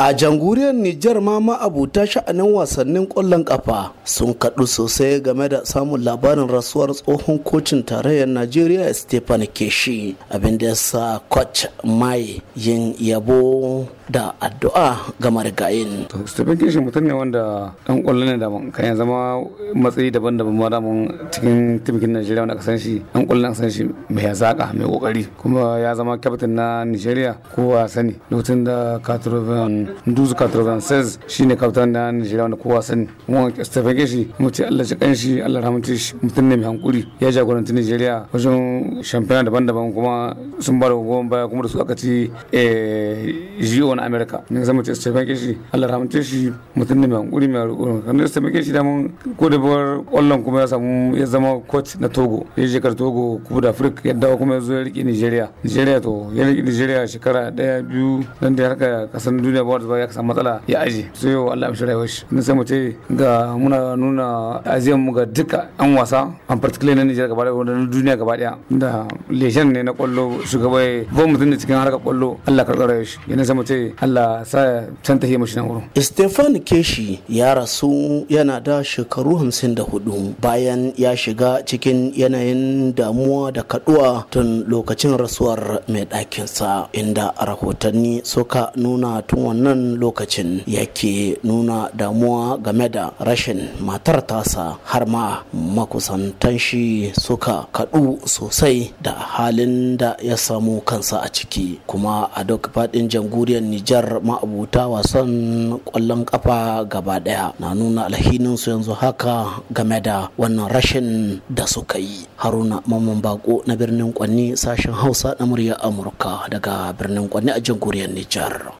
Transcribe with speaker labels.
Speaker 1: a janguriyar Nijar ma ma'abuta sha'anin wasannin ƙwallon ƙafa sun kaɗu sosai game da samun labarin rasuwar tsohon kocin tarayyar Najeriya Stephen Keshi abinda ya sa coach mai yin yabo da addu'a ga marigayin. Stephen Keshi
Speaker 2: mutum ne wanda ɗan ƙwallon ne daban kan ya zama matsayi daban-daban ma daman cikin timikin Najeriya wanda kasan shi ɗan ƙwallo na kasan shi mai zaƙa mai ƙoƙari kuma ya zama kyaftin na Nijeriya kowa sani lokacin da Katrovan duzu shi ne kaftan da na Nigeria wanda kowa sani kuma Stephen Keshi mu ce Allah shi kanshi Allah rahmace shi mutum ne mai hankuri ya jagoranci Nigeria wajen shampiyona daban-daban kuma sun ba da goma baya kuma da su aka ci jiyo eh, na America ne zama ce Stephen Keshi Allah rahmace shi mutum ne mai hankuri mai rukun kan Stephen Keshi da mun kodabar kwallon kuma ya samu ya zama coach na Togo ya je kar Togo kuma da Africa ya dawo kuma ya zo ya rike Nigeria Nigeria to ya rike Nigeria shekara daya biyu nan da ya harka kasan duniya ba da zuwa ya kasa matsala ya aji yi wa Allah ya mishi rayuwar shi mun sai mace ga muna nuna aziyan mu ga duka an wasa an particular na Nijar gaba da duniya gaba daya da leshen ne na kwallo shugaba ba mutum da cikin harkar kwallo Allah karɓar rayuwar shi ne sai mace ce Allah sa can tahiyar mashi na
Speaker 1: wurin Stefan Keshi ya rasu yana da shekaru 54 bayan ya shiga cikin yanayin damuwa da kaduwa tun lokacin rasuwar mai ɗakinsa inda rahotanni suka nuna tun wannan wannan lokacin yake nuna damuwa game da rashin matar tasa har ma makusantan shi suka kaɗu sosai da halin da ya samu kansa a ciki kuma a duk faɗin jamhuriyar nijar ma'abuta wasan ƙwallon ƙafa gaba ɗaya na nuna alhinin su yanzu haka game da wannan rashin da suka yi haruna mamman bako na birnin kwanni sashen hausa na murya amurka daga birnin kwanni a jamhuriyar nijar